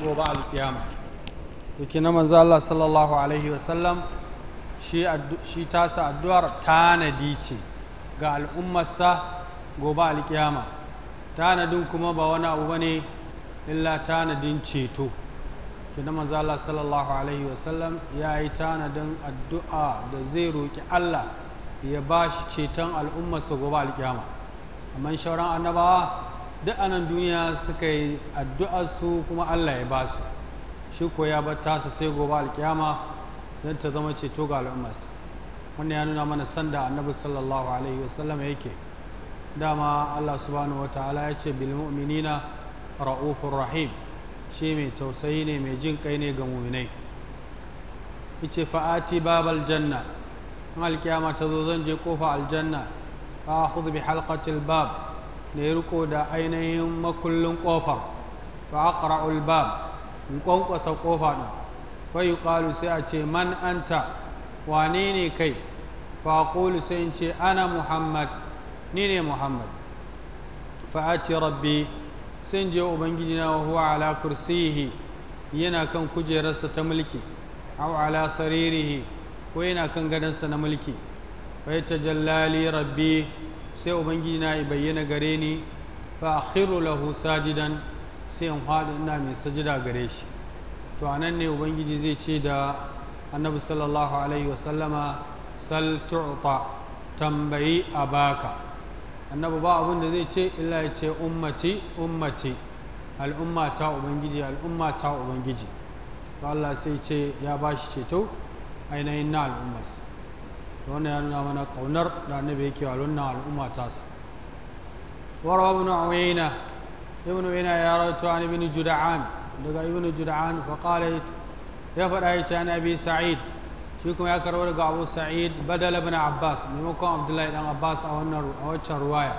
gobe alkiyama yake na manzo Allah sallallahu alaihi wasallam shi shi tasa addu'ar tanadi ce ga al'ummarsa gobe alkiyama tanadin kuma ba wani abu bane illa tanadin ceto ke na manzo Allah sallallahu alaihi wasallam ya yi tanadin addu'a da zai roƙi Allah ya ba shi ceton al'ummarsa gobe alkiyama amma shauran annabawa duk anan duniya suka yi addu'arsu kuma Allah ya ba su shi ko ya bar sai gobe alkiyama don ta zama ceto ga al'ummarsa wannan ya nuna mana sanda annabi sallallahu alaihi wasallam yake dama Allah subhanahu wataala ya ce bil mu'minina ra'ufur rahim shi mai tausayi ne mai jin kai ne ga mu'minai yace fa'ati babal janna in alkiyama ta zo zan je kofa aljanna fa akhudhu bi halqatil bab da ya riko da ainihin makullin ƙofa fa ƙara bab in ƙwanƙwasa ƙofa ɗin fa yuqalu sai a ce man anta wane ne kai fa aqulu sai in ce ana muhammad ni ne muhammad fa ati rabbi sai je ubangiji na wa huwa ala kursiyihi yana kan kujerarsa ta mulki aw ala saririhi ko yana kan gadansa na mulki fa jallali rabbi sai ubangiji na ya bayyana gare ni fa akhiru lahu sajidan sai in hada ina mai sajida gare shi to anan ne ubangiji zai ce da annabi sallallahu alaihi sallama sal tu'ta tambayi abaka annabi ba abin da zai ce illa ya ce ummati ummati al'umma ta ubangiji al'umma ta ubangiji to Allah sai ce ya bashi ceto ainihin na al'ummarsa wannan ya nuna mana kaunar da annabi yake wa wannan al'umma ta sa warwa ibn uwayna ibn uwayna ya rawaito an ibn juda'an daga ibn juda'an fa qala ya faɗa ya ce an sa'id shi kuma ya karɓo daga abu sa'id badal ibn abbas maimakon abdullahi dan abbas a wannan a waccan ruwaya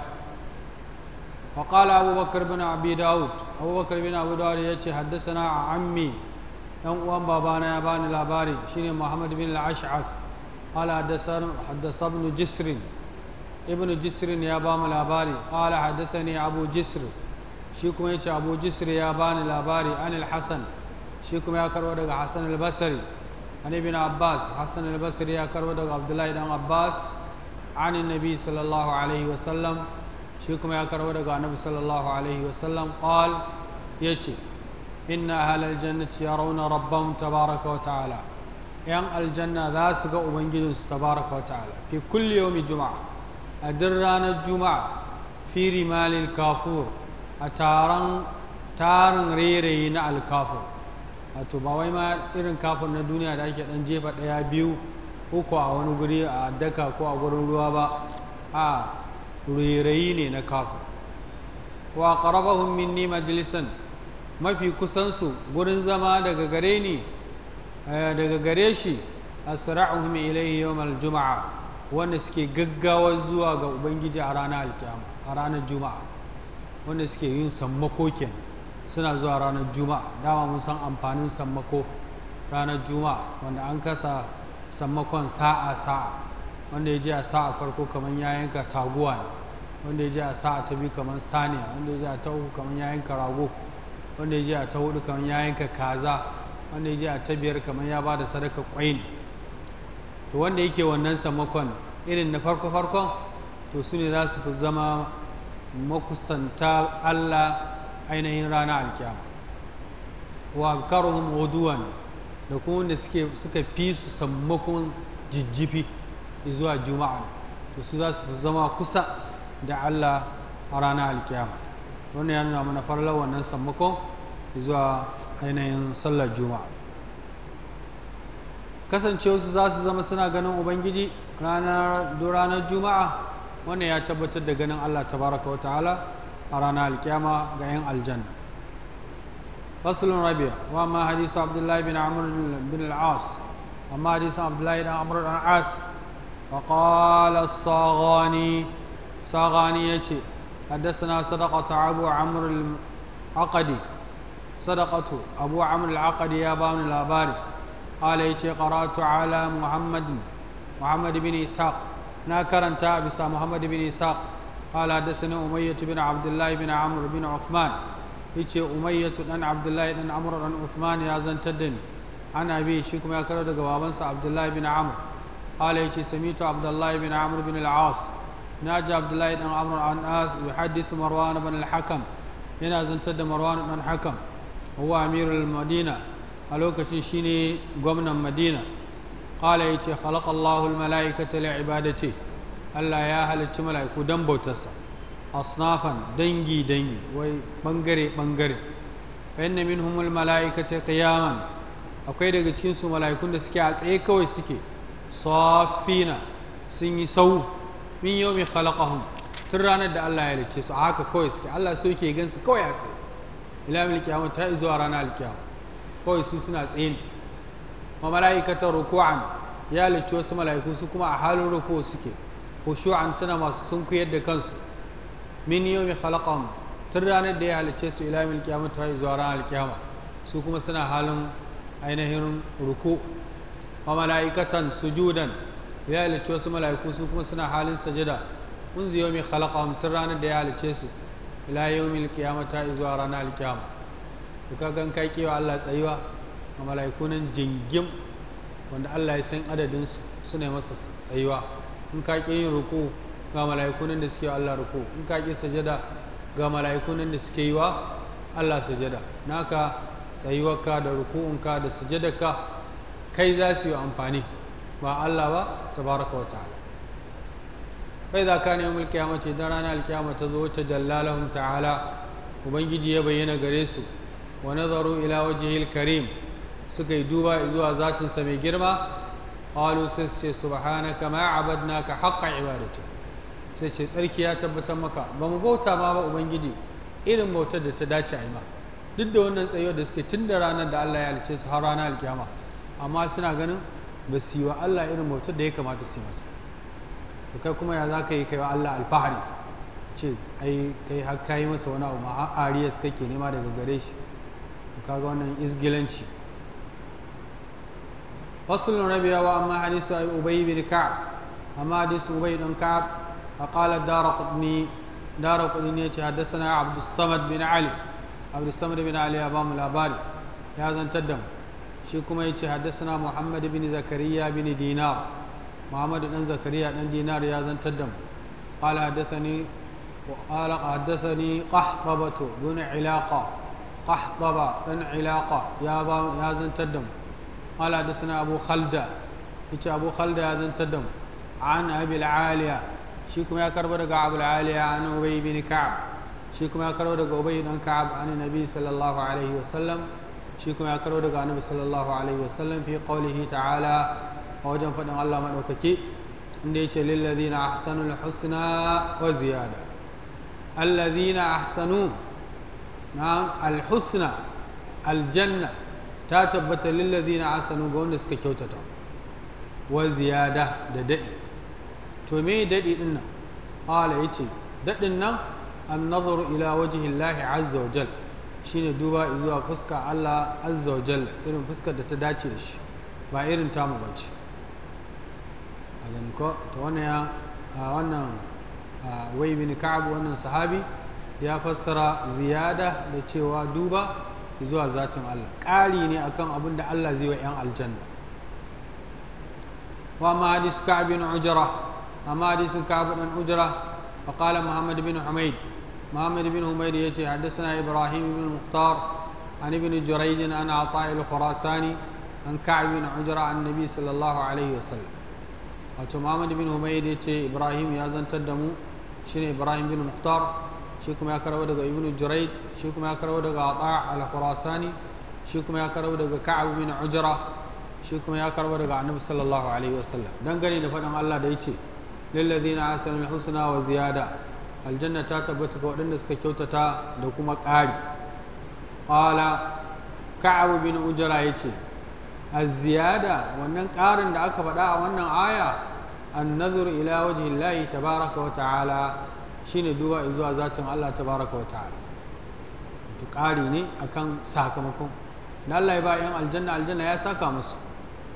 fa qala Bakr ibn abi daud Bakr ibn abu daud ya ce haddasa na a ammi dan uwan babana ya bani labari shine muhammad bin al-ash'ath قال حدثنا حدث ابن جسر ابن جسر يا بام الاباري قال حدثني ابو جسر شيكم يا ابو جسر يا بان الاباري عن الحسن شيكم يا كرو دغ حسن البصري عن ابن عباس حسن البصري يا كرو دغ عبد الله بن عباس عن النبي صلى الله عليه وسلم شيكم يا كرو دغ النبي صلى الله عليه وسلم قال يجي ان اهل الجنه يرون ربهم تبارك وتعالى yan aljanna za su ga ubangijinsu tabaraka wa ta'ala fi kulli yawmi juma'a a duk ranar juma'a fi rimalin kafur a taron tarin rairayi na alkafur a ba ma irin kafur na duniya da ake dan jefa daya biyu uku a wani guri a daka ko a gurin ruwa ba a rairayi ne na kafur wa qarabahum minni majlisan mafi kusansu gurin zama daga gare ni Eh, daga gare shi asra'uhum ilayhi yawmal juma'a wanda suke gaggawa zuwa ga ubangiji a ranar alkiyama a ranar juma'a wanda suke yin sammako kenan suna zuwa ranar juma'a dama mun san amfanin sammako ranar juma'a wanda an kasa sammakon sa'a sa'a wanda ya je a sa'a farko kamar ya yanka taguwa ne wanda ya je a sa'a ta biyu kamar saniya wanda ya je a ta uku kamar ya yanka rago wanda ya je a ta hudu kamar ya yanka kaza wanda ya je a ta biyar kamar ya ba da sadaka kwai ne to wanda yake wannan samakon irin na farko-farkon to su ne za su fi zama makusanta Allah ainihin rana alkiyama wa karuhun uduwan da kuma wanda suka fi su samakon jijjifi zuwa juma'a to su za su fi zama kusa da Allah a rana alkiyama wannan ya nuna mana farlar wannan sammakon zuwa yanayin sallar juma'a kasancewarsu za su zama suna ganin ubangiji ranar juma'a wanda ya tabbatar da ganin allah tabaraka wa ta'ala a ranar alkyama ga 'yan aljanna fasulun rabia wa ma hadisu abdullahi bin amur bin al'as amma hadisu abdullahi bin amur bin al'as wa qala sagani sagani yace حدثنا صدقة أبو عمرو العقدي sadaqatu abu amr al ya ba mu labari qala yace qara'tu ala muhammad muhammad bin ishaq na karanta bisa muhammad bin ishaq qala hadathana umayyah bin abdullah bin amr bin uthman yace umayyah dan abdullah dan amr dan uthman ya zantar da ni ana bi shi kuma ya karo daga babansa abdullah bin amr qala yace samitu abdullah bin amr bin al-aas naji abdullah dan amr an as yuhaddithu marwan bin al-hakam yana zantar da marwan dan hakam huwa amirul madina a lokacin shine gwamnan madina qala yace khalaqallahu almalaikata li ibadati Allah ya halicci mala'iku dan bautarsa asnafan dangi dangi wai bangare bangare fa inna minhumul malaikata qiyaman akwai daga cikin su mala'ikun da suke a tsaye kawai suke safina sun yi sau min yawmi khalaqahum tun ranar da Allah ya halicce su haka kawai suke Allah so yake gansu kawai a tsaye ila mil kiyama ta zuwa ranar alkiyama kawai su suna tsayin ma mala'ikata ruku'an ya halicci wasu mala'iku su kuma a halin ruku suke kushu'an suna masu kuyar da kansu min mai halakon tun ranar da ya halice su ila mil kiyama ta zuwa ranar alkiyama su kuma suna halin ainihin ruku ma mala'ikatan sujudan ya halicci wasu mala'iku su kuma suna halin sajada mun ziyo mai khalaqahum tun ranar da ya halicce su ila yawmil kiyamata zuwa ranar alkiyama to gan kai kewa Allah tsayuwa a malaikunan jingim wanda Allah ya san adadin su suna masa tsayuwa in ka ki yin ruku ga malaikunan da suke wa Allah ruku in ka ki sajada ga malaikunan da suke yi wa Allah sajada naka ka da ruku'unka da sajadarka kai za su yi amfani ba Allah ba tabaraka wa ta'ala fai za ka nemi alkiyama ce don ranar alkiyama ta zo ta jallalahum ta'ala ubangiji ya bayyana gare su wa nazaru ila yi karim suka yi duba zuwa zatinsa mai girma qalu sai su ce subhanaka ma abadnaka haqqa ibadatu sai ce tsarki ya tabbatar maka ba mu bauta ma ba ubangiji irin bautar da ta dace a yi ma duk da wannan tsayuwar da suke tun da ranar da Allah ya halice su har ranar alkiyama amma suna ganin ba su yi wa Allah irin bautar da ya kamata su yi masa to kai kuma ya za ka yi kaiwa Allah alfahari ce ai kai har ka yi masa wani abu ma ariyas kake nema daga gare shi to kaga wannan isgilanci faslun rabiya wa amma hadisu ubay bin ka'ab amma hadisu ubay bin ka'ab فقال الدار قطني دار قطني حدثنا عبد الصمد بن علي عبد الصمد بن علي أبام الأباري يا زن تدم شيكم يتي حدثنا محمد بن زكريا بن دينار muhammad dan zakariya dan dinar ya zantar da mu قال حدثني وقال حدثني قحطبة بن علاقة قحطبة بن علاقة يا با يا زنتدم قال حدثنا أبو خلدة يجي أبو خلدة يا زنتدم عن أبي العالية شيكم يا كربرق أبو العالية عن أبي بن كعب شيكم يا كربرق أبي بن كعب عن النبي صلى الله عليه وسلم شيكم يا كربرق عن النبي صلى الله عليه وسلم في قوله تعالى a wajen faɗin Allah maɗaukaki inda ya ce lillazina ahsanul husna wa ziyada allazina ahsanu na alhusna aljanna ta tabbata lillazina ahsanu ga wanda suka kyautata wa ziyada da daɗi to me daɗi ɗin nan ƙala ya ce daɗin nan an nazaru ila wajihin lahi azza wa jal shine duba zuwa fuska Allah azza wa jal irin fuskar da ta dace da shi ba irin tamu bace a gani ko ta wannan a wannan wai bin ka'ab wannan sahabi ya fassara ziyada da cewa duba zuwa zatin Allah ƙari ne akan abin da Allah zai wa 'yan aljanna wa ma hadis ka'ab bin ujra amma ka'ab bin ujra fa qala muhammad bin humayd muhammad bin humayd yace ibrahim bin muhtar عن ابن جريج عن عطاء الخراساني عن كعب بن عجرة عن النبي صلى الله عليه wato Muhammad bin Humayd ya ce Ibrahim ya zantar da mu shine Ibrahim bin Muhtar shi kuma ya karawo daga Ibn Jurayd shi kuma ya karawo daga Ata' al-Khurasani shi kuma ya karawo daga Ka'ab bin Ujra shi kuma ya karawo daga Annabi sallallahu alaihi wasallam dangane da faɗin Allah da yace lilladheena ahsanu al-husna wa ziyada aljanna ta tabbata ga waɗanda suka kyautata da kuma ƙari qala Ka'ab bin Ujra yace az-ziyada wannan ƙarin da aka faɗa a wannan aya النذر إلى وجه الله تبارك وتعالى شين دوا إذوا ذاتهم الله تبارك وتعالى تقاري ني أكام ساكمكم نال الله يبقى يوم الجنة الجنة يا ساكمس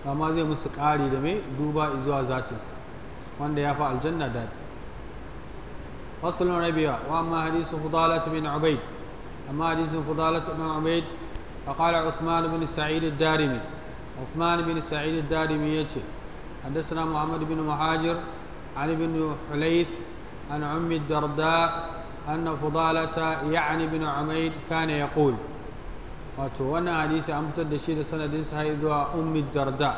فما زي مستقاري دمي دوبا إذوا ذاتهم وان دي يفع الجنة دار وصل النبي وأما حديث فضالة بن عبيد أما حديث فضالة بن عبيد فقال عثمان بن سعيد الدارمي عثمان بن سعيد الدارمي يتي حدثنا محمد بن مهاجر عن ابن حليث عن عم الدرداء أن فضالة يعني بن عميد كان يقول وتوانا حديث عم تدشيد سنة ديس هايدوا أم الدرداء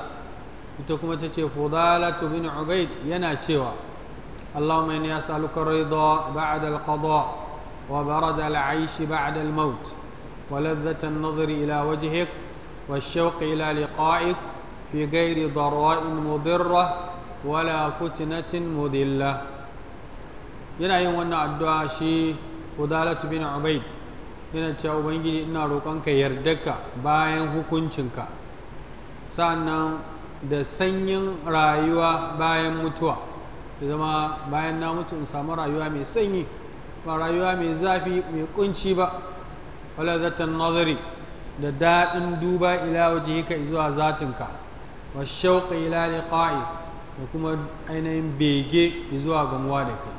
يتكما تشي فضالة بن عبيد ينا شوى اللهم إني أسألك الرضا بعد القضاء وبرد العيش بعد الموت ولذة النظر إلى وجهك والشوق إلى لقائك في غير ضراء مضرة ولا فتنة مذلة yana yin wannan addu'a shi Udalat bin Ubaid yana cewa ubangiji ina roƙonka ka bayan hukuncinka sannan da sanyin rayuwa bayan mutuwa zama bayan na mutu in samu rayuwa mai sanyi ba rayuwa mai zafi mai kunci ba wala zatan nazari da daɗin duba ila wajihika zuwa zatinka wa shauƙa ila liqa'i da kuma ainihin bege zuwa gamuwa da kai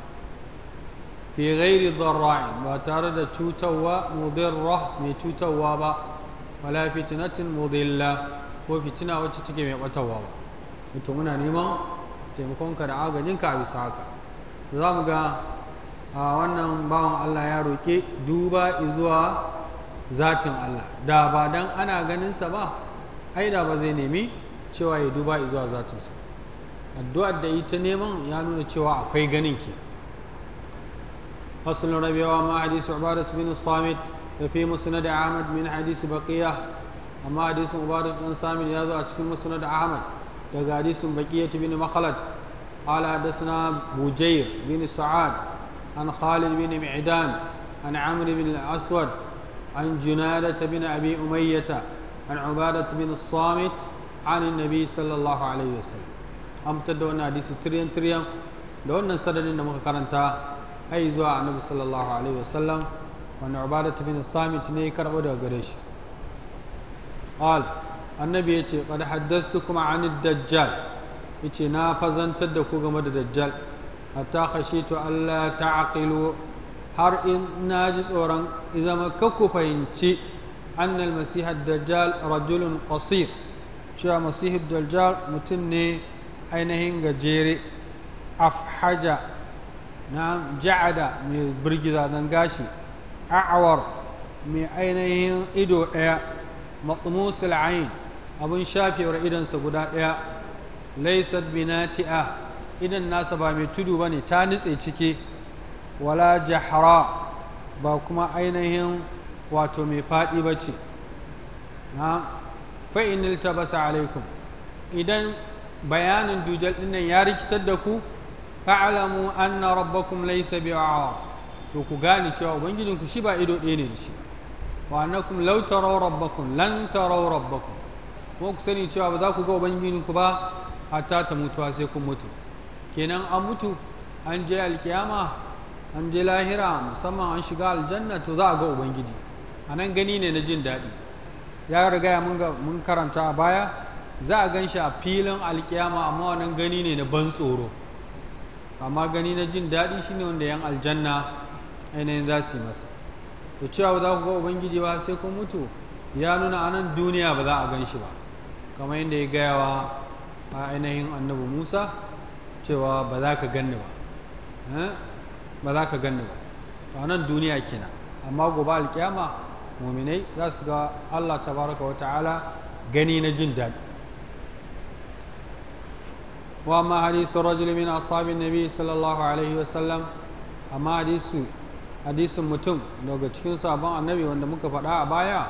fi ghairi dharra'in ba tare da cutarwa mudirra mai cutarwa ba wala fitnatin mudilla ko fitina wacce take mai batawa ba to muna neman taimakonka da agajin ka bisa haka za mu ga a wannan bawan Allah ya roƙe duba zuwa zatin Allah da ba dan ana ganin sa ba ai da ba zai nemi cewa ya duba zuwa zatinsa addu'ar da ita neman ya nuna cewa akwai ganin ke فصل ربيع وما حديث عبادة بن الصامت ففي مسند أحمد من حديث بقية أما حديث عبادة بن الصامت يذو أتكن مسند أحمد لقى حديث بقية بن مخلد قال حدثنا بجير بن سعاد عن خالد بن معدان عن عمرو بن الأسود عن جنادة بن أبي أمية عن عبادة بن الصامت anin nabi sallallahu alaihi wasallam an fitar da wannan hadisi tiriyan tiriyan da wannan sanadin da muka karanta hai zuwa annabi sallallahu alaihi wasallam wannan ubadatu bin samit ne ya karɓo daga gare shi qal annabi yace qad haddathtukum anid dajjal yace na fazantar da ku game da dajjal hatta khashitu alla ta'qilu har in na ji tsoron zama kakku fahimci annal masihar dajjal rajulun qasir cewa masihu daljar mutum ne ainihin gajere afhaja na ja'ada mai birgiza don gashi a'awar mai ainihin ido ɗaya matsumusul ayin abin shafewar idansa guda ɗaya laisat binati'a idan nasa ba mai tudu ba ne ta nitse ciki wala jahara ba kuma ainihin wato mai faɗi ba ce fa in alaikum idan bayanin dujal dinnan ya rikitar da ku fa'alamu anna rabbakum laysa bi'ara to ku gane cewa ku shi ba ido ɗaya ne da shi wa annakum law taraw rabbakum lan taraw rabbakum ko ku sani cewa ba za ku ga ku ba hatta ta mutuwa sai ku mutu kenan an mutu an je alkiyama an je lahira musamman an shiga aljanna to za a ga ubangiji anan gani ne na jin daɗi ya riga mun karanta a baya za a gan shi a filin alkiyama amma wannan gani ne na ban tsoro amma gani na jin daɗi shine wanda yan aljanna ainihin za su yi masa to cewa ba za ku ga ubangiji ba sai kun mutu ya nuna anan duniya ba za a gan shi ba kamar yadda ya gaya wa a ainihin annabi musa cewa ba za ka ganni ba eh? ba za ka ganni ba a nan duniya kenan amma gobe alkiyama muminai za su ga Allah tabaraka wa ta'ala gani na jin daɗi wa amma hadisun rajul min ashabin nabi sallallahu alaihi amma hadisu hadisin mutum daga cikin sabon annabi wanda muka faɗa a baya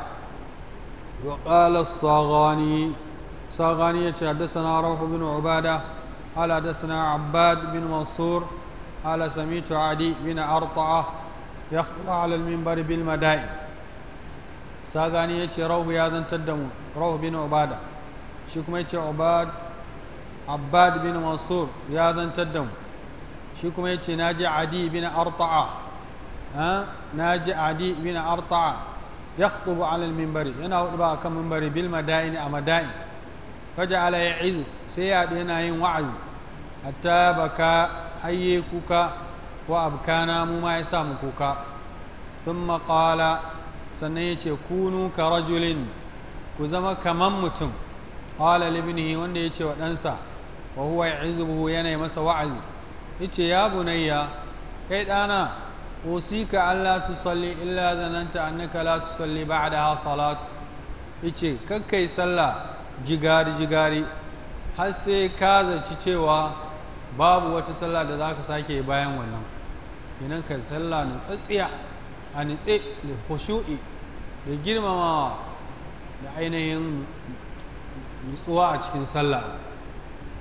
wa qala as-saghani saghani yace haddathana rawh bin ubada qala haddathana abbad bin mansur qala sami'tu adi bin arta'a يخطب على المنبر بالمدائن sagani ya ce rahu ya zantar da mu rahu bin ubada shi kuma ya ce Abad bin mansur ya zantar da mu shi kuma ya ce na ji adi bin arta'a na ji adi bin arta'a ya khutubu alal mimbari yana hudu ba kan mimbari bil madain a madain faja ala ya izu sai ya yana yin wa'azi hatta baka hayye kuka wa abkana mu ma ya samu kuka ثم قال sannan ya ce kunu ka rajulin ku zama kaman mutum qala libnihi wanda ya ce wa ɗansa wa huwa ya'izuhu yanayi masa wa'azi ce ya bunayya kai ɗana usika Allah salli illa zananta annaka la tusalli ba'daha salat ce kakkai sallah jigari jigari har sai ka zaci cewa babu wata sallah da za ka sake bayan wannan kenan kai sallah na tsatsiya a nitse da hushu'i da girmamawa da ainihin nutsuwa a cikin sallah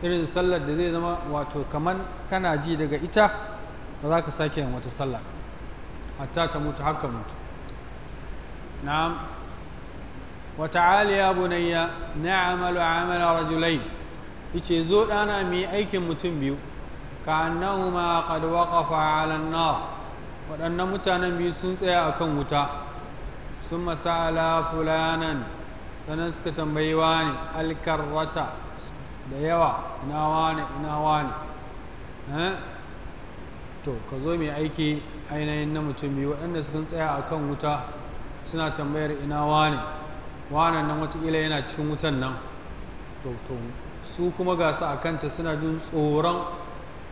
irin sallar da zai zama wato kaman kana ji daga ita ba za ka sake yin wata sallah hatta ta mutu haka mutu na'am wata'ali ya bunayya na'amalu amala rajulai yace zo dana mu aikin mutum biyu ka annahuma qad waqafa 'ala an-nar waɗannan mutanen biyu sun tsaya a kan wuta sun masala fulanan sannan suka tambayi wani alkarrata da yawa ina wani ina wani eh? to ka zo mai aiki ainihin na mutum biyu waɗanda suka tsaya a kan wuta suna tambayar ina wani wani nan watakila yana cikin wutan nan to su kuma gasa a kanta suna jin tsoron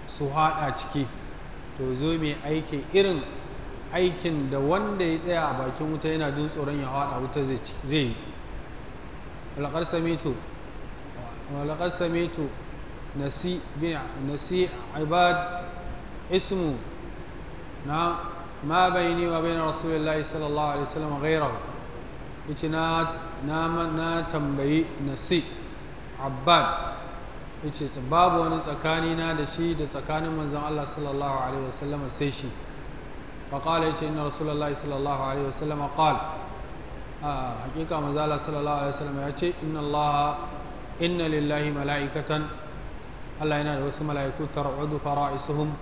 su haɗa ciki to zo mai aiki irin aikin da wanda ya tsaya a bakin wuta yana jin tsoron ya a wuta zai yi walaƙar samitu walaƙar nasi ibad ismu na ma bayani wa bayan rasulullahi sallallahu alaihi wasallam a gairar ita na tambayi nasi abad yace babu wani tsakani na da shi da tsakanin manzon Allah sallallahu alaihi wasallam sai shi fa qala yace inna rasulullahi sallallahu alaihi wasallam qala a ah, hakika manzon Allah sallallahu alaihi wasallam yace inna Allah inna lillahi mala'ikatan Allah yana da wasu mala'iku tar'udu fara'isuhum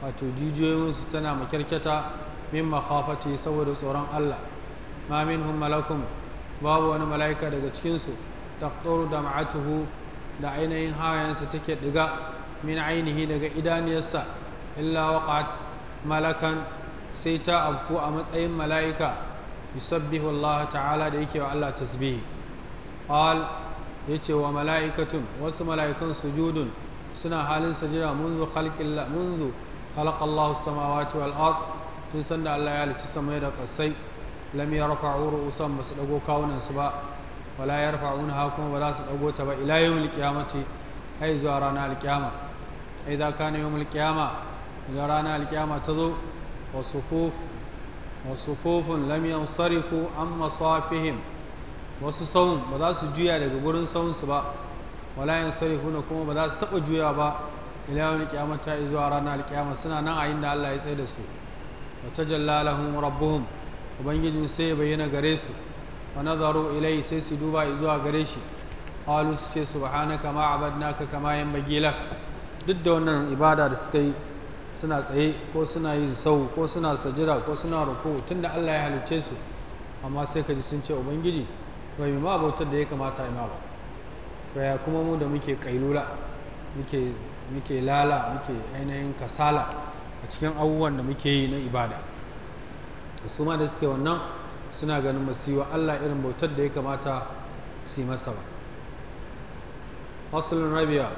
wato jijiyoyin su tana makyarkyata min makhafati saboda tsoron Allah ma minhum malakum babu wani mala'ika daga cikin su taqtaru dam'atuhu da ainihin hayansa take diga min ainihi daga idaniyarsa illa waqat malakan sai ta afku a matsayin mala'ika yusabbihu Allah ta'ala da yake wa Allah tasbihi qal yace wa mala'ikatun wasu mala'ikan sujudun suna halin sajira munzu khalqillah munzu khalaqa Allah samawati wal tun sanda Allah ya halicci samai da kasai lam yarfa'u ru'usan basu dago kawunan su ba wala yarfa'unha kuma ba za su dago ta ba ila yawmil qiyamati ai zuwa ranar alkiyama ai za ka ne yawmil qiyama idan ranar alkiyama ta zo Wasu sufuf wa sufufun lam yansarifu an masafihim wasu sawun ba za su juya daga gurin sawun su ba wala yansarifuna kuma ba za su taɓa juya ba ila yawmil qiyamati ai zuwa ranar alkiyama suna nan a inda Allah ya tsaye da su wa tajalla lahum rabbuhum ubangijin sai ya bayyana gare su wa nazaru ilai sai su duba zuwa gare shi qalu su ce subhanaka ma abadnaka kama yanbaghi lak duk da wannan ibada da suka yi suna tsaye ko suna yin sau ko suna sajira ko suna ruku tunda Allah ya halicce su amma sai ka ji sun ce ubangiji bai ma bautar da ya kamata ina ba ya kuma mu da muke kailula muke muke lala muke ainihin kasala a cikin abubuwan da muke yi na ibada su ma da suke wannan suna ganin masiwa Allah irin bautar da ya kamata su masa ba faslun rabi'a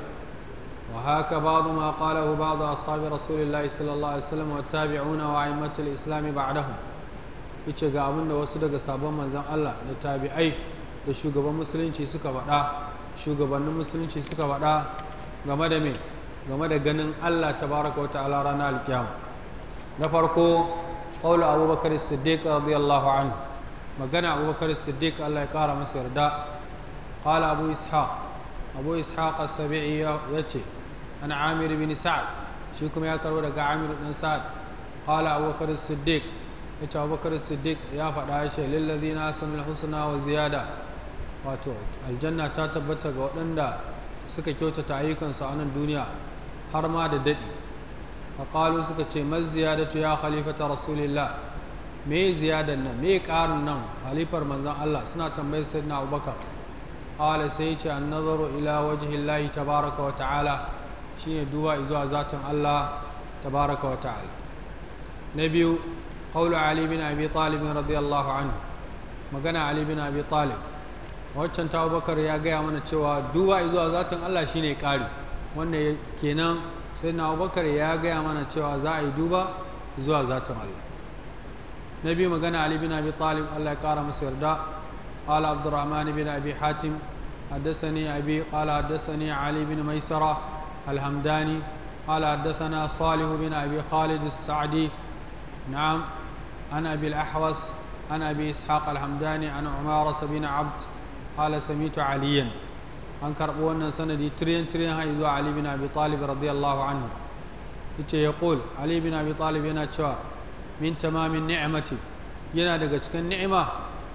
wa haka ba'du ma qalahu ba'du ashabi rasulillahi sallallahu alaihi wasallam wa tabi'una wa a'immatul islam ba'dahum yace ga abin da wasu daga sabon manzon Allah da tabi'ai da shugaban musulunci suka faɗa shugabannin musulunci suka faɗa game da me game da ganin Allah tabaraka wa ta'ala ranar alkiyama na farko قول أبو بكر الصديق anhu مجنى أبو بكر الصديق الله يكرم مصر دا قال أبو إسحاق أبو إسحاق السبيعي يتي أنا عامر بن سعد شيكم يا كرودة عامر بن سعد قال أبو بكر الصديق إيش أبو بكر الصديق يا فداعش للذين أحسنوا الحسنى وزيادة واتو الجنة تاتبت غوتندا سكتوتا تايكن سانا الدنيا هرما دددي فقالوا سكتي ما الزيادة يا خليفة رسول الله me ziyadan nan me ƙarin nan halifar manzan Allah suna tambayar sayyidina Abubakar qala sai ce an nazaru ila wajhillahi tabaraka wa ta'ala shine duba zuwa zatin Allah tabaraka wa ta'ala na biyu qawlu ali bin abi talib radiyallahu anhu magana ali bin abi talib waccan ta Abubakar ya gaya mana cewa duba zuwa zatin Allah shine ƙari wanda kenan sayyidina Abubakar ya gaya mana cewa za a yi duba zuwa zatin Allah نبي مغنى علي بن ابي طالب الله كرم سردا قال عبد الرحمن بن ابي حاتم حدثني ابي قال حدثني علي بن ميسره الحمداني قال حدثنا صالح بن ابي خالد السعدي نعم انا ابي الاحوص عن ابي اسحاق الحمداني انا عماره بن عبد قال سميت عليا انكر بوانا سندي ترين ترين هايزو علي بن ابي طالب رضي الله عنه يقول علي بن ابي طالب ينا min tamamin ni'amati yana daga cikin ni'ima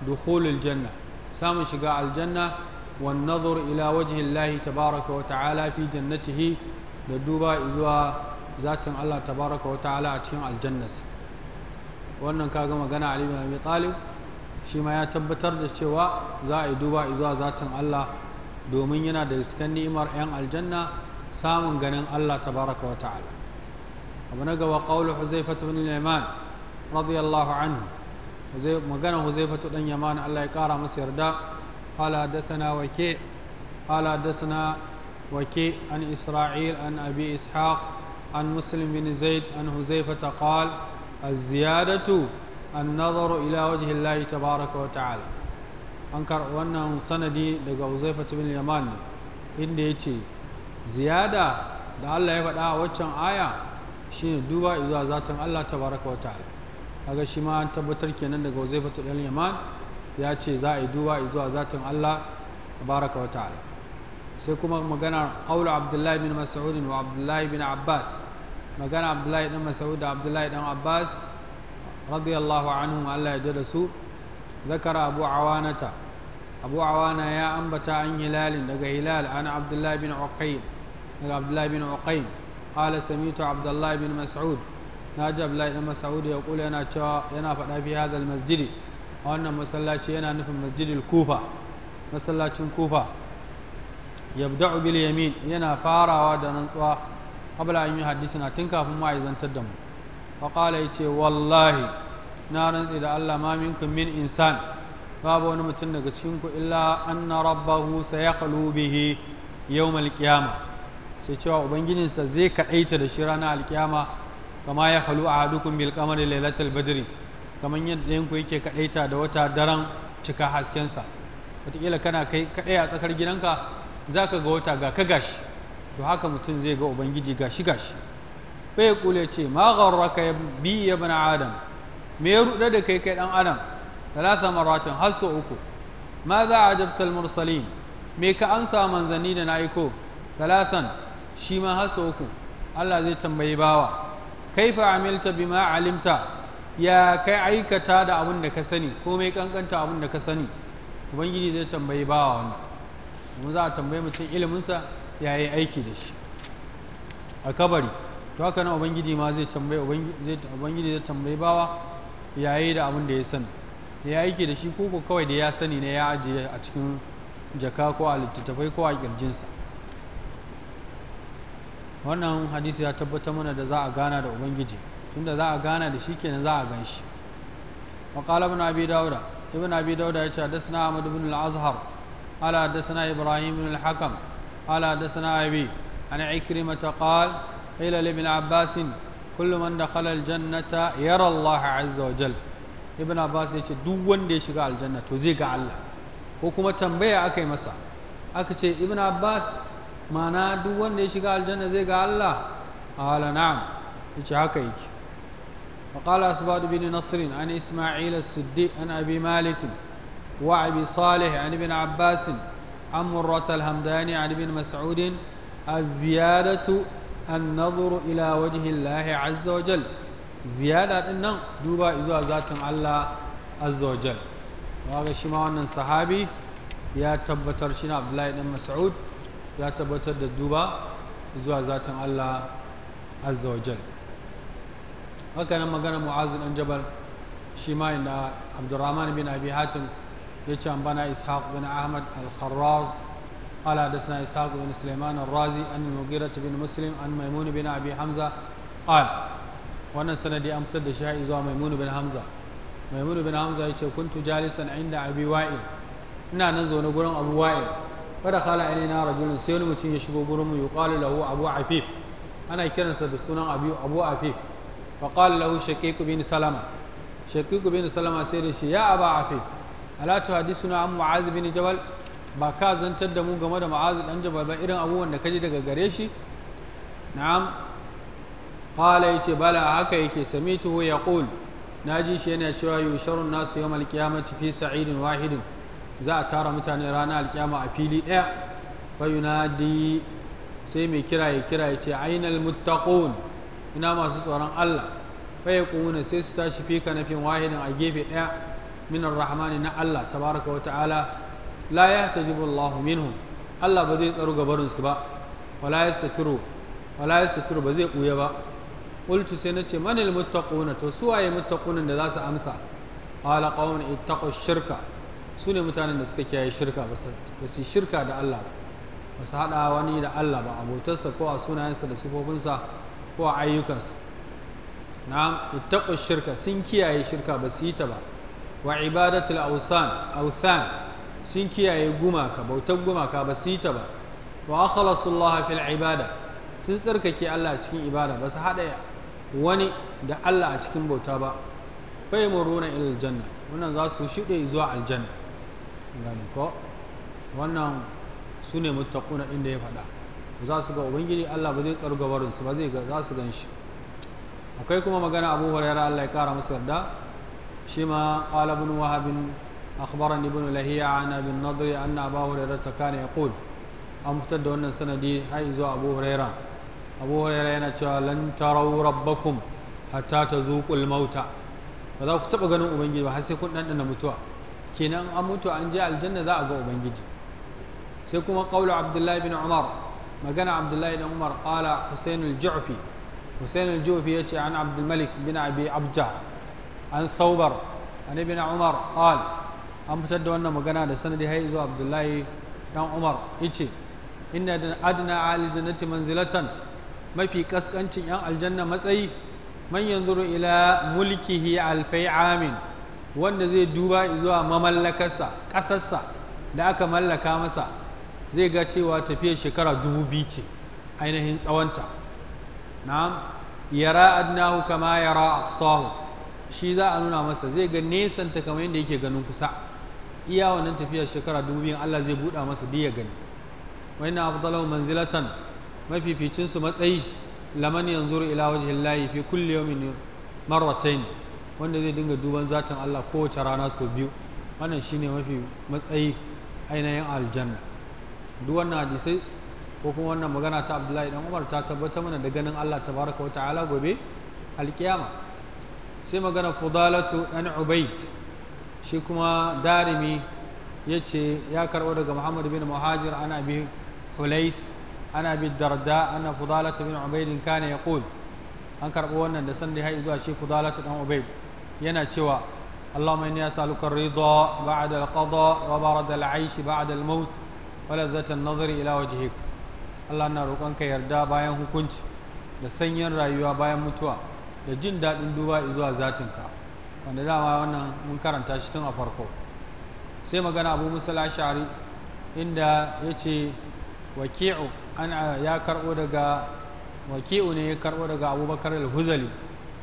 dukhulul janna samun shiga aljanna wan nazar ila wajhi Allah tabaraka wa ta'ala fi jannatihi da duba zuwa zatin Allah tabaraka wa ta'ala a cikin aljannas. wannan kaga magana Ali bin Abi Talib shi ma ya tabbatar da cewa za a yi duba zuwa zatin Allah domin yana da cikin ni'imar 'yan aljanna samun ganin Allah tabaraka wa ta'ala abu na gaba qawlu Huzaifah ibn al-Yaman radiyallahu anhu magana huzaifatu dan yaman Allah ya kara masa yarda qala haddathana wake qala wake an isra'il an abi ishaq an muslim bin zaid an huzaifata qala az-ziyadatu an-nazaru ila wajhi Allah tabaaraka wa ta'ala an kar wannan sanadi daga huzaifatu bin yaman inda yace ziyada da Allah ya faɗa a waccan aya shine duba izuwa zatin Allah tabaaraka wa ta'ala kaga shi ma an tabbatar kenan daga Uzaifa dan Yaman ya ce za a yi duwa zuwa zatin Allah baraka wa ta'ala sai kuma magana qaulu Abdullahi bin Mas'ud wa Abdullahi bin Abbas magana Abdullahi bin Mas'ud da Abdullahi bin Abbas radiyallahu anhu Allah ya da su zakara Abu Awanata Abu Awana ya ambata an hilalin daga Hilal ana Abdullahi bin Uqayl daga Abdullahi bin Uqayl قال سميت عبد الله بن مسعود ناجي عبد الله بن مسعود يقول انا تشوا انا فدا في هذا المسجد وان مصلاه انا نف مسجد الكوفه مصلاه الكوفه يبدا باليمين انا فارا ودنصوا قبل ان يحدثنا تنكف ما اذن تدم فقال يتي والله نارن اذا الله ما منكم من انسان babu wani mutum daga cikin ku illa anna rabbahu sayaqlu bihi yawm alqiyama sai cewa ubangijinsa zai kadaita da shi ranar alqiyama kama ya halu hadukun mil qamari lailatul badri kamar yadda ɗayan yake kadaita da wata daren cika haskensa watakila kana kai kadai a tsakar gidanka za ka ga wata ga ka gashi to haka mutum zai ga ubangiji gashi gashi bai kule ce ma gharraka bi ya bana adam me ya rudu da kai kai dan adam talata maratin har sau uku ma za a jabtal mursalin me ka amsa manzanni da na aiko talatan shi ma har uku Allah zai tambayi bawa kaifa amilta bima alimta ya kai aikata da abin da ka sani komai kankanta abin da ka sani ubangiji zai tambayi bawa wani, mun za a tambayi mutum iliminsa ya yi aiki da shi a kabari to haka nan ubangiji ma zai tambayi ubangiji zai tambayi bawa ya yi da abin da ya sani ya yi aiki da shi ko kawai da ya sani ne ya ajiye a cikin jaka ko a littattafai ko a kirjinsa wannan hadisi ya tabbatar mana da za a gana da ubangiji tunda za a gana da shi kenan za a gan shi وقال ابن أبي داود ابن أبي داود حدثنا أحمد بن الأزهر قال حدثنا إبراهيم بن الحكم قال حدثنا أبي عن عكرمة قال قيل لابن عباس كل من دخل الجنة يرى الله عز وجل ابن عباس يقول duk wanda ya shiga aljanna to zai ga Allah ko kuma tambaya aka yi masa aka ce ibn mana duk wanda ya shiga aljanna zai ga Allah ala na'am yace haka yake wa qala asbad bin nasr an isma'il as-siddi an abi malik wa abi salih an ibn abbas an murrat al-hamdani an ibn mas'ud az-ziyadatu an-nazr ila wajhi Allah azza wa jal ziyada din nan duba zuwa zatin Allah azza wa jal wa ga shi ma wannan sahabi ya tabbatar shi na abdullahi ibn mas'ud ya tabbatar da duba zuwa zaton Allah azza wa jal haka mu'azu dan jabal shi ma inda abdurrahman bin abi hatim yace an bana ishaq bin ahmad al-kharraz قال حدثنا اسحاق بن سليمان الرازي عن المغيرة بن مسلم عن ميمون بن ابي حمزه قال وانا سندي امتد da shi zuwa maimun bin hamza maimun bin hamza yace kuntu jalisan inda abi wa'il ina nan zaune gurin abu wa'il fada kala ilaina rajulun sai wani mutum ya shigo gurin mu yuqalu lahu abu afif ana kiransa da sunan abu abu afif fa qala lahu shaqiq bin salama shaqiq bin salama sai da shi ya abu afif ala tuhadisuna an mu'az bin jabal ba ka zantar da mu game da mu'az dan jabal ba irin abubuwan da kaji daga gare shi na'am qala yace bala haka yake samituhu yaqul naji shi yana cewa yusharun nasu yawmal qiyamati fi sa'idin wahidin za a tara mutane rana alkyama a fili ɗaya fayunadi sai mai kira ya kira ya ce ainal mutakon. ina masu tsoron Allah faya kuna sai su tashi na kanafin wahidin a gefe ɗaya minar rahmani na Allah tabaraka wa ta'ala la yahtajibu Allahu minhum Allah ba zai tsaro gabarin su ba wala yastatiru wala yastatiru ba zai ɓuya ba qultu sai nace manil muttaquna to suwaye muttaquna da za su amsa qala qawmun ittaqu shirka su ne mutanen da suka kiyaye shirka ba su shirka da Allah ba su haɗa wani da Allah ba abotarsa ko a sunayensa da sifofinsa ko a ayyukansa na ittaqu shirka sun kiyaye shirka ba su yi ta ba wa ibadatul awsan awthan sun kiyaye gumaka bautar gumaka ba su yi ta ba wa akhlasu Allah fil ibada sun tsarkake Allah cikin ibada ba su haɗa wani da Allah a cikin bauta ba fa yamuruna ila aljanna wannan za su shuɗe zuwa aljanna gane ko wannan su ne muttaquna inda ya faɗa za su ga ubangiji Allah ba zai tsaro gabarin su ba zai ga za su gan shi akwai kuma magana Abu Hurairah Allah ya kara masa yarda shi ma qala ibn Wahab akhbarani ibn Lahiya an Ibn Nadr anna Abu Hurairah kana an fitar da wannan sanadi har zuwa Abu Hurairah Abu Hurairah yana cewa lan tarau rabbakum hatta tazuqul mauta ba za ku taba ganin ubangiji ba har sai kun dandana mutuwa kenan an mutu an je aljanna za a ga ubangiji sai kuma qawlu abdullahi bin umar magana abdullahi bin umar qala husain al-ju'fi husain al-ju'fi yace an abdul malik bin abi abja an thawbar an ibn umar qal an fitar da wannan magana da sanadi haizu zuwa abdullahi dan umar yace inna adna al-jannati manzilatan mafi kaskancin yan aljanna matsayi man yanzuru ila mulkihi alfai amin wanda zai duba zuwa mamallakarsa kasarsa da aka mallaka masa zai ga cewa tafiyar shekara dubu biyu ce ainihin tsawonta na'am yara adnahu kama yara sahu shi za a nuna masa zai ga nesanta kamar yadda yake ganin kusa iya wannan tafiyar shekara dubu biyu Allah zai buɗa masa diya gani wa inna afdalahu manzilatan mafificin su matsayi laman yanzuru ila wajhillahi fi kulli yawmin marratayn wanda zai dinga duban zatin Allah kowace rana sau biyu wannan shine mafi matsayi ainihin aljanna duk wannan hadisai ko kuma wannan magana ta Abdullahi dan Umar ta tabbata mana da ganin Allah tabaraka wa ta'ala gobe alkiyama sai magana fudalatu dan ubaid shi kuma darimi yace ya karɓo daga Muhammad bin Muhajir an bi Hulais ana bi Darda ana fudalatu bin Ubaid kana yaqul an karɓo wannan da sanda ya zuwa shi fudalatu dan Ubaid yana cewa Allahumma inni as'aluka ar-ridha ba'da al-qada wa barada al-aish ba'da al-maut wa ladzata an-nazar ila wajhik Allah na ka yarda bayan hukunci da sanyin rayuwa bayan mutuwa da jin daɗin duba zuwa zatinka wanda dama wannan mun karanta shi tun a farko sai magana abu musala shari inda ya ce waki'u ya karɓo daga waki'u ne ya karɓo daga abubakar al-huzali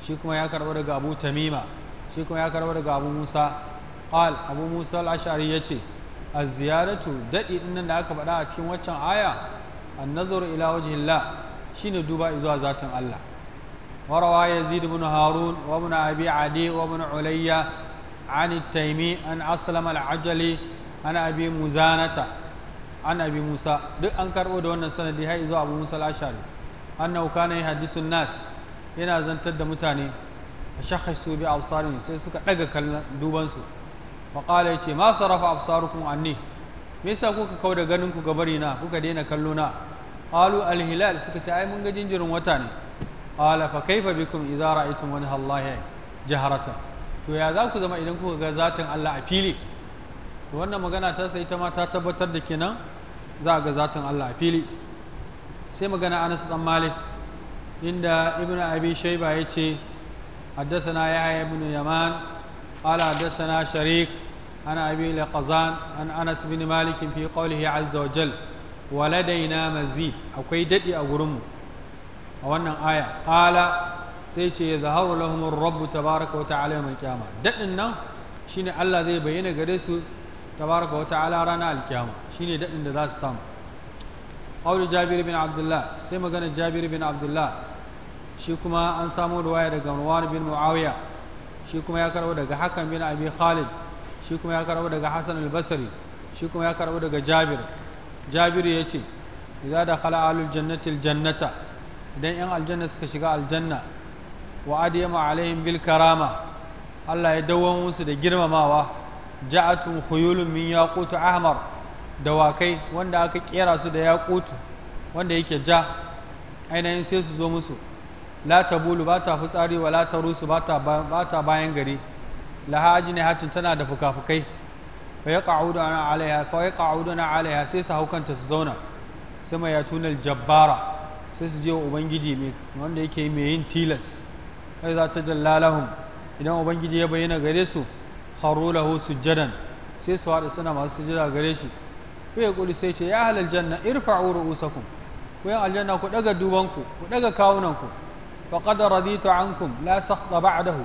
shi kuma ya karɓo daga abu tamima shi kuma ya karɓar daga abu musa qal abu musa al-ash'ari yace az-ziyaratu dadi din da aka faɗa a cikin waccan aya an-nazaru ila wajhillah shine duba zuwa zatin Allah wa rawa yazid ibn harun wa ibn abi adi wa ibn ulayya عن التيمي عن أسلم العجلي عن أبي مزانة عن أبي duk an karɓo da wannan sanadi har zuwa Abu Musa al-Ashari annahu kana yuhaddisu an-nas yana zantar da mutane shakhasu bi absarin sai suka daga kallon duban su faqala yace ma sarafa absarukum anni me yasa kuka kauda ganin ku bari na kuka daina kallo na qalu al hilal suka ce ai mun ga jinjirin wata ne qala fa kaifa bikum idza ra'aytum wajha allahi jaharatan to ya za ku zama idan kuka ga zatin Allah a fili to wannan magana ta sai ta ma ta tabbatar da kenan za ga zatin Allah a fili sai magana Anas dan Malik inda Ibn Abi Shayba yace حدثنا يحيى بن يمان قال حدثنا شريك عن أبي لقزان عن أنس بن مالك في قوله عز وجل ولدينا مزيد أكوي ددي a wannan aya qala sai ce ya zaharu lahumur rabbu tabaraka wa ta'ala yawmal qiyama dadin nan ne Allah zai bayyana gare su tabaraka wa ta'ala ranar shi shine daɗin da za su samu Audu jabir bin abdullah sai magana jabir bin abdullah shi kuma an samo ruwaya daga Marwan bin Muawiya shi kuma ya karbo daga Hakan bin Abi Khalid shi kuma ya karbo daga Hassan al-Basri shi kuma ya karbo daga Jabir Jabir ya ce idza dakhala ahlul jannati al-jannata idan yan aljanna suka shiga aljanna wa adiyama alaihim bil karama Allah ya dawwan musu da girmamawa ja'atun khuyulun min yaqutu ahmar dawakai wanda aka kera su da yaqutu wanda yake ja ainihin sai su zo musu la bulu ba ta fitsari la ta rusu ba ta bayan gari laha hatin tana da fukafukai fa yaqa'uduna alaiha fa yaqa'uduna alaiha sai su haukanta su zauna sama ya tunal jabbara sai su je wa ubangiji ne wanda yake mai yin tilas kai za ta jallalahun idan ubangiji ya bayyana gare su kharu lahu sujjadan sai su haɗa suna masu sujjada gare shi ko ya sai ce ya halal janna irfa'u ru'usakum ku yan aljanna ku daga dubanku ku daga kawunanku faqad raditu ankum la sakhta dahu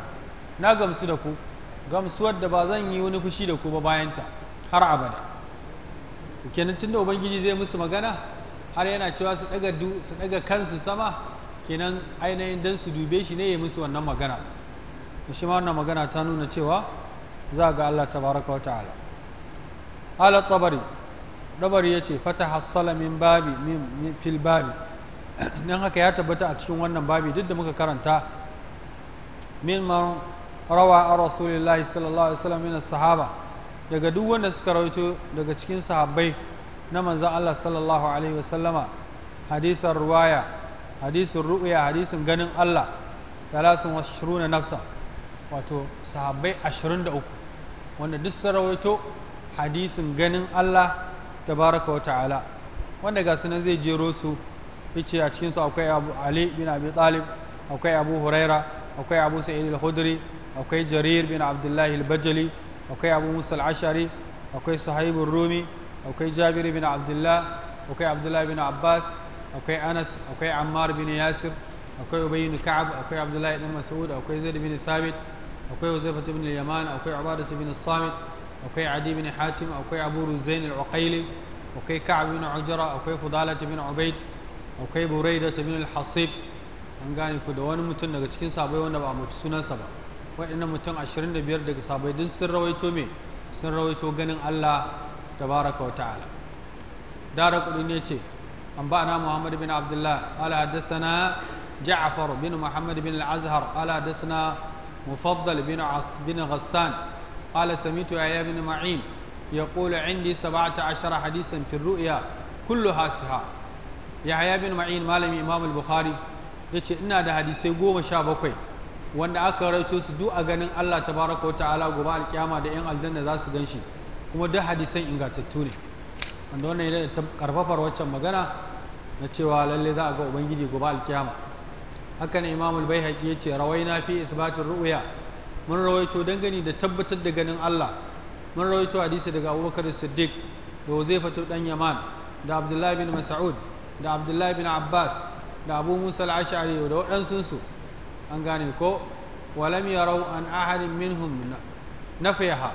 na gamsu da ku gamsuwar da ba zan yi wani fushi da ku ba bayanta har abada kenan da ubangiji zai musu magana har yana cewa su daga kansu sama kenan ainihin dan su dube shi ne ya musu wannan magana shi ma wannan magana ta nuna cewa za ga Allah tabaraka wa ta'ala ala tabari dabari yace fatahassala min babi min fil babi nan haka ya tabbata a cikin wannan babi duk da muka karanta ma rawa a rasulullahi sallallahu alaihi wasallam min sahaba daga duk wanda suka rawaito daga cikin sahabbai na manzon Allah sallallahu alaihi wasallama hadithar ruwaya hadisin ru'ya hadisin ganin Allah na nafsa wato sahabbai 23 wanda duk sun rawaito hadisin ganin Allah tabaraka wa ta'ala wanda ga sunan zai jero su yace a cikin su akwai Abu Ali bin Abi Talib akwai Abu Huraira akwai Abu Sa'id al-Khudri akwai Jarir bin Abdullah al-Bajali akwai Abu Musa al-Ashari akwai Sahib rumi akwai Jabir bin Abdullah akwai Abdullah bin Abbas akwai Anas akwai Ammar bin Yasir akwai Ubay bin Ka'ab akwai Abdullah ibn Mas'ud akwai Zaid bin Thabit akwai Uzaifa bin Yaman akwai Ubadah bin Samit akwai Adi bin Hatim akwai Abu Ruzain al-Uqayli akwai Ka'ab bin Ujra akwai Fudala bin Ubayd akwai buraida ta bin al-hasib an gane ku da wani mutum daga cikin sabai wanda ba a mutu sunansa ba waɗannan mutum 25 daga sabai duk sun rawaito me sun rawaito ganin Allah tabaraka wa ta'ala dara kudin yace an ba'ana Muhammad bin Abdullah ala hadathana Ja'far bin Muhammad bin al-Azhar ala hadathana مفضل بن عص بن غسان قال سمعت يحيى بن معين يقول عندي سبعة عشر حديثا في الرؤيا كلها سهام yahaya bin ma'in malami imam al-bukhari ce ina da hadisai goma sha bakwai wanda aka rawaito su duk a ganin Allah ta baraka wata ala gobe alkyama da yan aljanna za su gan shi kuma duk hadisan ingantattu ne wanda wannan yana karfafar waccan magana na cewa lalle za a ga ubangiji gobe alkiyama haka ne imam al-baihaqi yace rawaina fi isbatin ru'ya mun rawaito dangane da tabbatar da ganin Allah mun rawaito hadisi daga Abubakar Siddiq da Uzaifa dan Yaman da abdullahi bin Mas'ud da abdullahi bin abbas da abu musa al'ashari da waɗansunsu an gane ko walam yarau an ahadin minhum na fiha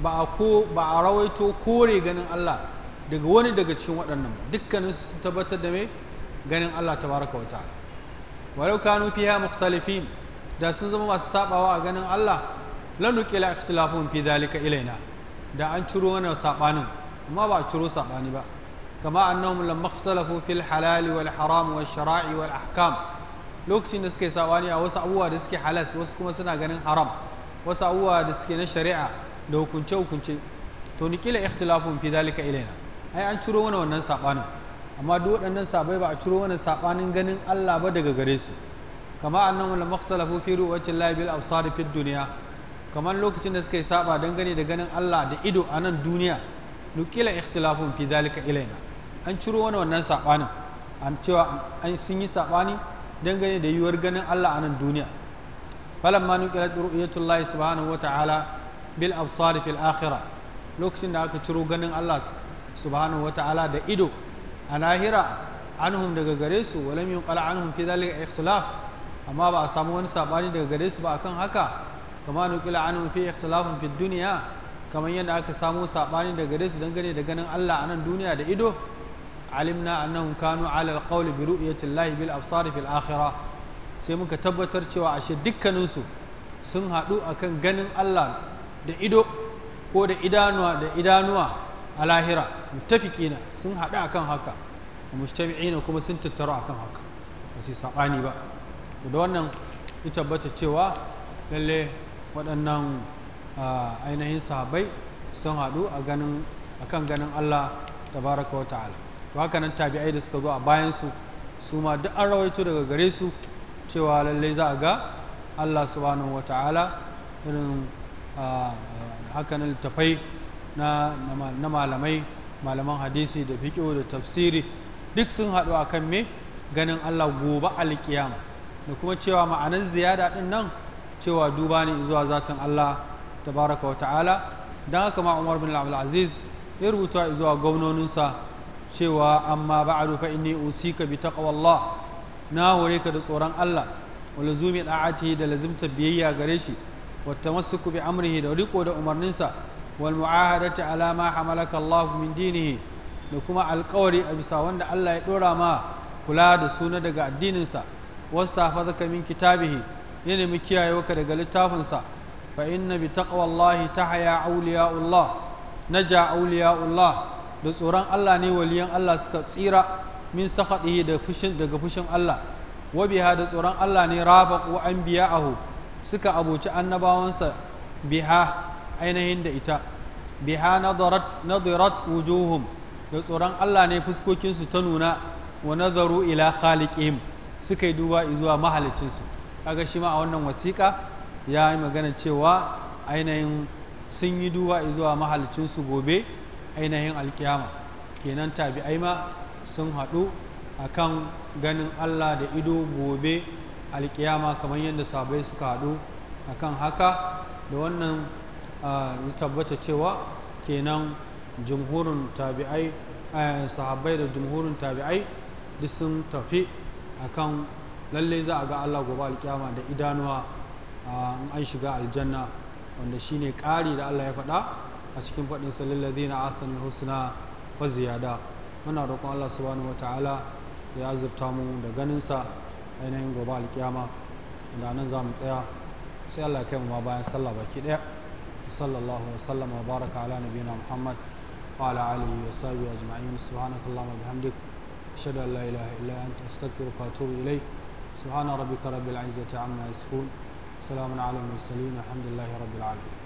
ba a rawaito kore ganin allah daga wani daga cikin waɗannan dukkanin su tabbatar da mai ganin allah tabaraka wa ta'ala walau kanu fiha mukhtalifin da sun zama masu sabawa a ganin allah lanukila ikhtilafun fi dalika ilaina da an ciro mana sabanin amma ba a ciro sabani ba kama annahum lamma ikhtalafu fil halali wal haram wal shara'i wal ahkam lokacin da suke sabani a wasu abubuwa da suke halas kuma suna ganin haram wasu abubuwa da suke na shari'a da hukunce hukunce to ni kila ikhtilafun fi dalika ilaina ai an ciro mana wannan sabanin amma duk waɗannan sabai ba a ciro mana sabanin ganin Allah ba daga gare su kama annahum lamma ikhtalafu fi ru'yatil lahi bil absar fid dunya kamar lokacin da suka yi saba dangane da ganin Allah da ido a nan duniya nukila ikhtilafun fi dalika an ciro wani wannan saɓanin an cewa an sun yi saɓani dangane da yiwuwar ganin Allah a nan duniya falamma nuqilat ru'yatullah subhanahu wa ta'ala bil absar fil akhira lokacin da aka ciro ganin Allah subhanahu wa ta'ala da ido a lahira anhum daga gare su walam yunqal anhum fi dhalika ikhtilaf amma ba a samu wani sabani daga gare su ba akan haka kama nuqila anhum fi ikhtilafin fi duniya kamar yadda aka samu sabani daga gare su dangane da ganin Allah a nan duniya da ido alimna annahum kanu ala alqawli bi bil absari fil akhirah sai muka tabbatar cewa ashe dukkanin su sun hadu akan ganin Allah da ido ko da idanuwa da idanuwa a lahira mutafiqina sun hadu akan haka mushtabi'ina kuma sun tattara akan haka ba su sabani ba da wannan ya tabbata cewa lalle waɗannan ainihin sahabbai sun haɗu a akan ganin Allah to haka nan tabi'ai da suka zo a bayansu su su ma duk an rawaito daga gare su cewa lallai za a ga Allah subhanahu ta'ala irin haka nan littafai na malamai malaman hadisi da fiƙo da tafsiri duk sun haɗu a kan me ganin Allah gobe alkiyam da kuma cewa ma'anar ziyada ɗin nan cewa duba ne zuwa zatin Allah tabaraka wa ta'ala don haka ma Umar bin Abdul Aziz ya rubuta zuwa gwamnoninsa cewa amma ba'du fa inni usika bi taqwallah na hore ka da tsoron Allah wa lazumi da'ati da lazimta biyayya gare shi wa tamassuku bi amrihi da riko da umarninsa wal mu'ahadati ala ma hamalaka Allah min dinihi da kuma alƙawari a bisa wanda Allah ya dora ma kula da suna daga addininsa wastafazaka min kitabihi yana mu kiyaye ka daga littafinsa fa inna bi taqwallahi tahya awliya'ullah naja awliya'ullah da tsoron Allah ne waliyan Allah suka tsira min sakhadihi daga fushin daga fushin Allah wabiha biha da tsoron Allah ne rafaqu anbiya'ahu suka abuci annabawansa biha ainihin da ita biha nadarat nadirat wujuhum da tsoron Allah ne fuskokinsu ta nuna wa nazaru ila khaliqihim suka yi duba zuwa mahalicinsu kaga shi ma a wannan wasiƙa ya yi magana cewa ainihin sun yi duba zuwa mahalicinsu gobe ainihin alkiyama kenan tabi'ai ma sun haɗu akan ganin Allah da ido gobe alkiyama kamar yadda sabai suka haɗu akan haka da wannan tabbata cewa kenan jumhurin tabi'ai sahabbai da jumhurin tabi'ai duk sun tafi akan lalle za a ga Allah gobe alkiyama da idanuwa an shiga aljanna wanda shine ƙari da Allah ya faɗa a cikin faɗin salilladhi na asanin husna wa ziyada muna roƙon Allah subhanahu wataala ya azurta mu da ganinsa ainihin gobe alkiyama da nan za mu tsaya sai Allah kai mu ma bayan sallah baki ɗaya sallallahu wa sallama wa baraka ala nabiyina muhammad wa ala alihi wa sahbihi ajma'in subhanakallahumma wa bihamdik ashhadu an la ilaha illa anta astaghfiruka wa atubu ilayk سبحان ربك رب العزة عما يصفون سلام على المرسلين الحمد لله رب العالمين